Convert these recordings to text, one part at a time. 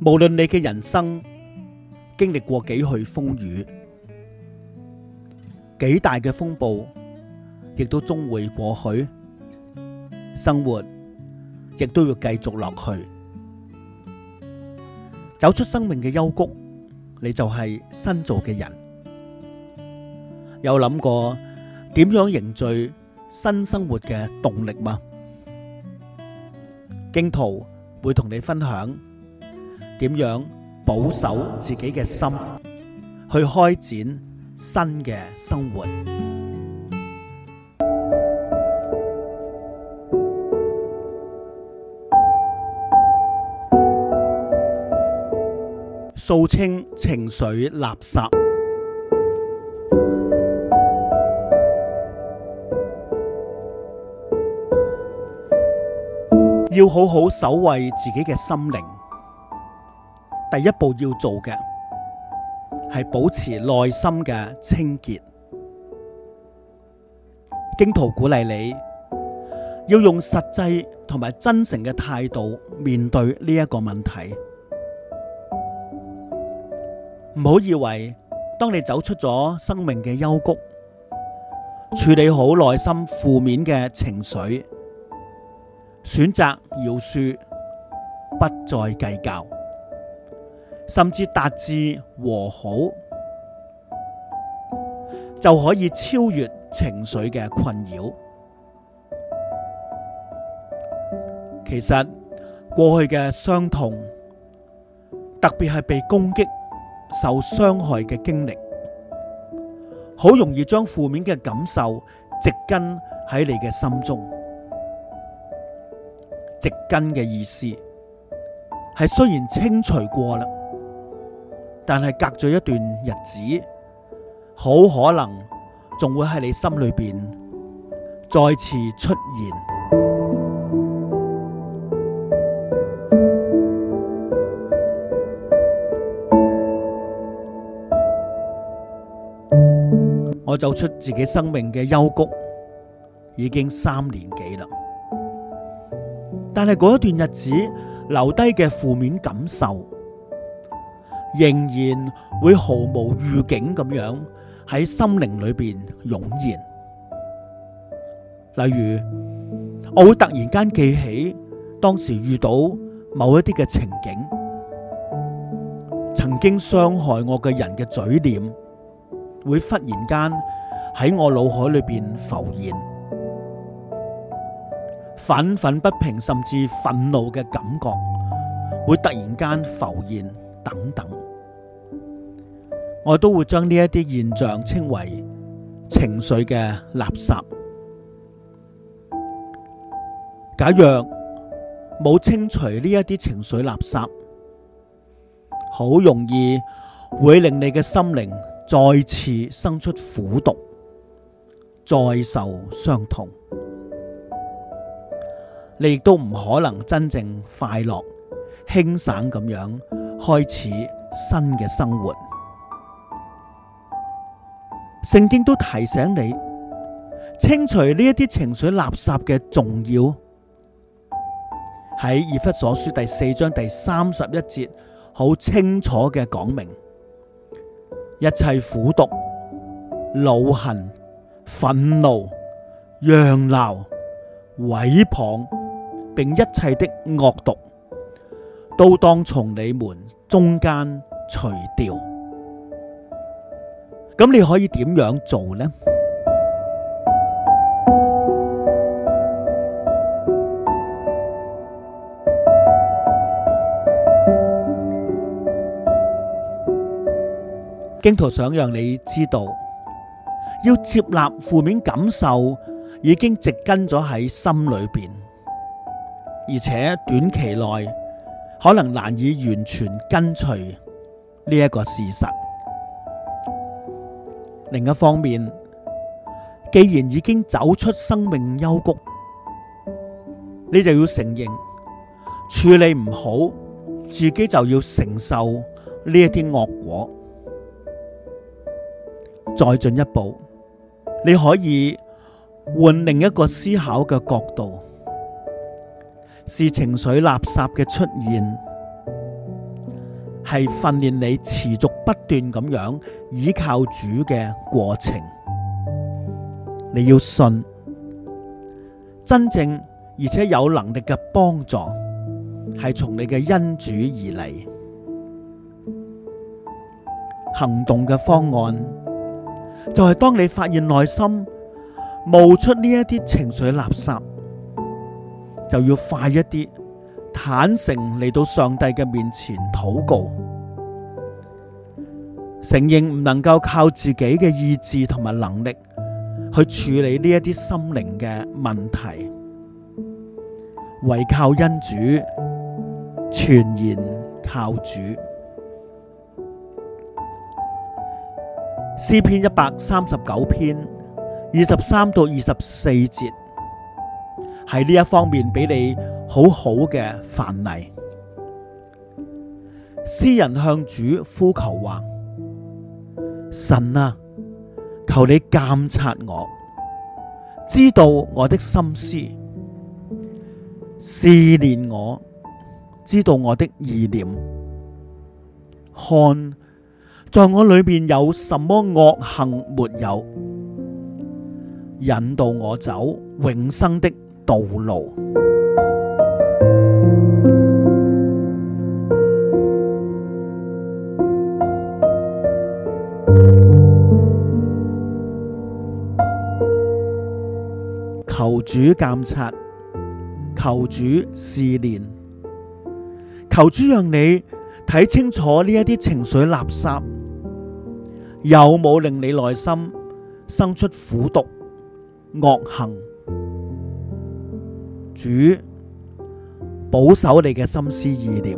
無論你嘅人生經歷過幾許風雨，幾大嘅風暴，亦都終會過去。生活亦都要繼續落去，走出生命嘅幽谷，你就係新造嘅人。有諗過點樣凝聚新生活嘅動力嗎？荊徒會同你分享。點樣保守自己嘅心，去開展新嘅生活，掃清情緒垃圾，要好好守衛自己嘅心靈。第一步要做嘅係保持內心嘅清潔。荊徒鼓勵你，要用實際同埋真誠嘅態度面對呢一個問題。唔好以為當你走出咗生命嘅幽谷，處理好內心負面嘅情緒，選擇饒恕，不再計較。甚至達致和好，就可以超越情緒嘅困擾。其實過去嘅傷痛，特別係被攻擊、受傷害嘅經歷，好容易將負面嘅感受植根喺你嘅心中。植根嘅意思，係雖然清除過啦。但係隔咗一段日子，好可能仲會喺你心裏邊再次出現。我走出自己生命嘅幽谷已經三年幾啦，但係嗰一段日子留低嘅負面感受，仍然會毫無預警咁樣喺心靈裏邊湧現，例如我會突然間記起當時遇到某一啲嘅情景、曾經傷害我嘅人嘅嘴臉，會忽然間喺我腦海裏邊浮現，憤憤不平甚至憤怒嘅感覺，會突然間浮現。等等，我都會將呢一啲現象稱為情緒嘅垃圾。假若冇清除呢一啲情緒垃圾，好容易會令你嘅心靈再次生出苦毒，再受傷痛。你亦都唔可能真正快樂、輕省咁樣。開始新嘅生活，聖經都提醒你清除呢一啲情緒垃圾嘅重要。喺以弗所書第四章第三十一節，好清楚嘅講明，一切苦毒、惱恨、憤怒、嚷鬧、毀謗，並一切的惡毒。都當從你們中間除掉，咁你可以點樣做呢？荊徒想讓你知道，要接納負面感受，已經植根咗喺心裏邊，而且短期內。可能難以完全跟隨呢一個事實。另一方面，既然已經走出生命幽谷，你就要承認處理唔好，自己就要承受呢一啲惡果。再進一步，你可以換另一個思考嘅角度。是情緒垃圾嘅出現，係訓練你持續不斷咁樣倚靠主嘅過程。你要信真正而且有能力嘅幫助，係從你嘅恩主而嚟。行動嘅方案就係當你發現內心冒出呢一啲情緒垃圾。就要快一啲，坦誠嚟到上帝嘅面前禱告，承認唔能夠靠自己嘅意志同埋能力去處理呢一啲心靈嘅問題，唯靠恩主，全然靠主。詩篇一百三十九篇二十三到二十四節。喺呢一方面俾你好好嘅範例。詩人向主呼求話：神啊，求你鑒察我，知道我的心思，試煉我，知道我的意念，看在我裏面有什麼惡行沒有，引導我走永生的道路，求主監察，求主試煉，求主讓你睇清楚呢一啲情緒垃圾，有冇令你內心生出苦毒、惡行？主保守你嘅心思意念，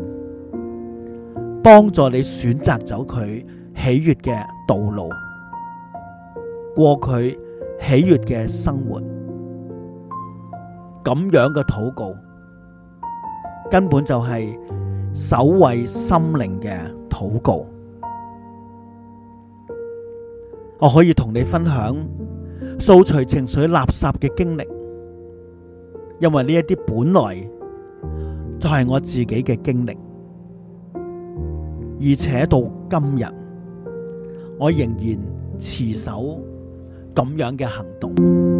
幫助你選擇走佢喜悅嘅道路，過佢喜悅嘅生活。咁樣嘅禱告，根本就係守衛心靈嘅禱告。我可以同你分享掃除情緒垃圾嘅經歷。因為呢一啲本來就係我自己嘅經歷，而且到今日，我仍然持守咁樣嘅行動。